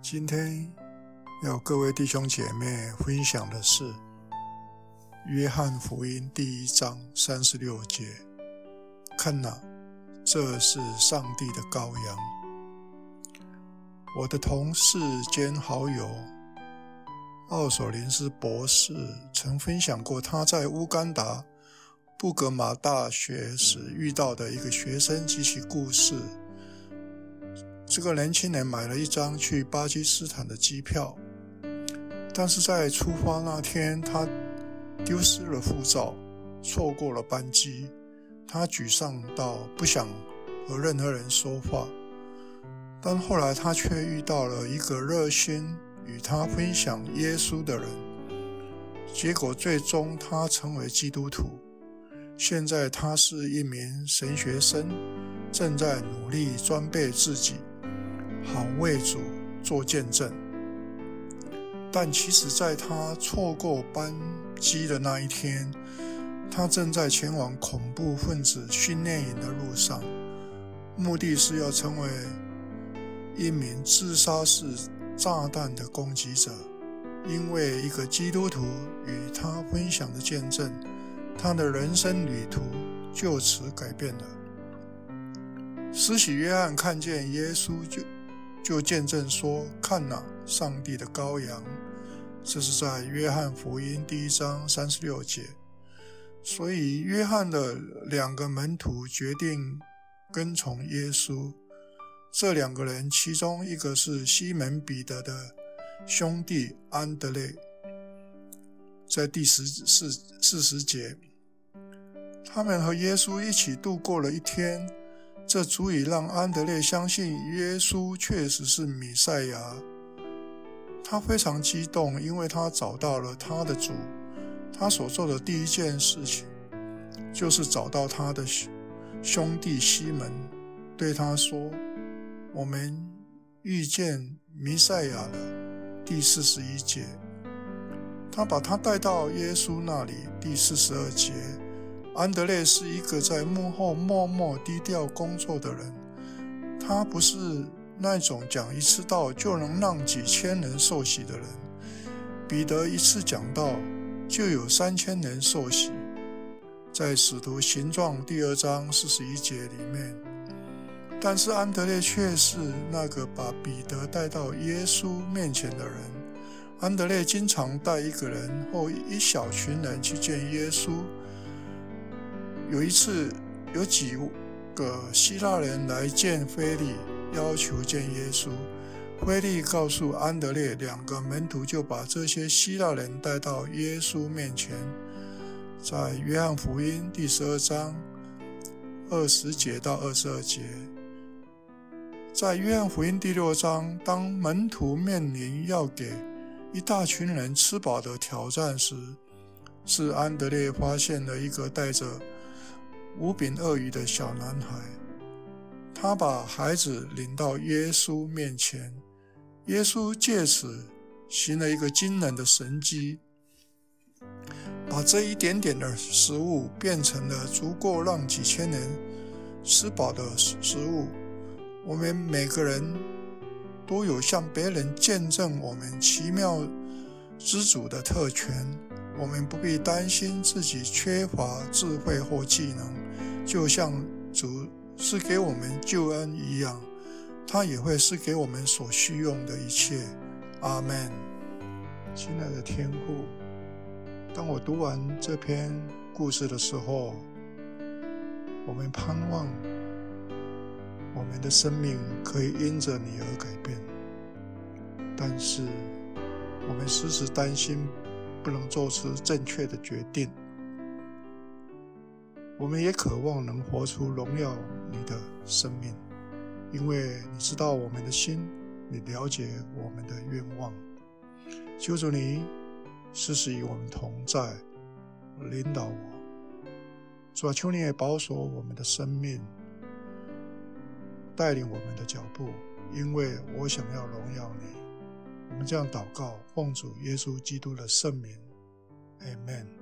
今天要各位弟兄姐妹分享的是《約翰福音》第一章三十六節：“看哪，這是上帝的羔羊。”我的同事兼好友奧索林斯博士曾分享過他在烏干達布格馬大學時遇到的一個學生及其故事。這個年輕人買了一張去巴基斯坦的機票，但是在出發那天，他丟失了護照，錯過了班機。他沮喪到不想和任何人說話。但後來，他卻遇到了一個熱心與他分享耶穌的人。結果，最終他成為基督徒。現在，他是一名神學生，正在努力裝備自己。好為主做見證，但其實，在他錯過班機的那一天，他正在前往恐怖分子訓練營的路上，目的是要成為一名自殺式炸彈的攻擊者。因為一個基督徒與他分享的見證，他的人生旅途就此改變了。施洗約翰看見耶穌就就見證說：“看哪，上帝的羔羊。”這是在約翰福音第一章三十六節。所以，約翰的兩個門徒決定跟從耶穌。這兩個人，其中一個是西門彼得的兄弟安德烈。在第十四四十節，他們和耶穌一起度過了一天。這足以讓安德烈相信耶穌確實是彌賽亞。他非常激動，因為他找到了他的主。他所做的第一件事情就是找到他的兄弟西門，對他說：“我們遇見彌賽亞了。”第四十一節。他把他帶到耶穌那裡。第四十二節。安德烈是一個在幕後默默低調工作的人，他不是那種講一次道就能讓幾千人受洗的人。彼得一次講道就有三千人受洗，在使徒行傳第二章四十一節裡面。但是安德烈卻是那個把彼得帶到耶穌面前的人。安德烈經常帶一個人或一小群人去見耶穌。有一次，有幾個希臘人來見腓力，要求見耶穌。腓力告訴安德烈，兩個門徒就把這些希臘人帶到耶穌面前。在約翰福音第十二章二十節到二十二節，在約翰福音第六章，當門徒面臨要給一大群人吃飽的挑戰時，是安德烈發現了一個帶着五餅二魚的小男孩，他把孩子領到耶穌面前，耶穌借此行了一個驚人的神蹟，把這一點點的食物變成了足夠讓幾千人吃飽的食物。我們每個人都有向別人見證我們奇妙之主的特權，我們不必擔心自己缺乏智慧或技能。就像主賜給我們救恩一樣，他也會賜給我們所需用的一切。阿門。親愛的天父，當我讀完這篇故事的時候，我們盼望我們的生命可以因着你而改變，但是我們時時擔心不能做出正確的決定。我們也渴望能活出榮耀你的生命，因為你知道我們的心，你了解我們的願望。求主你時時與我們同在，領導我。主啊，求你也保守我們的生命，帶領我們的腳步，因為我想要榮耀你。我們這樣禱告，奉主耶穌基督的聖名，Amen。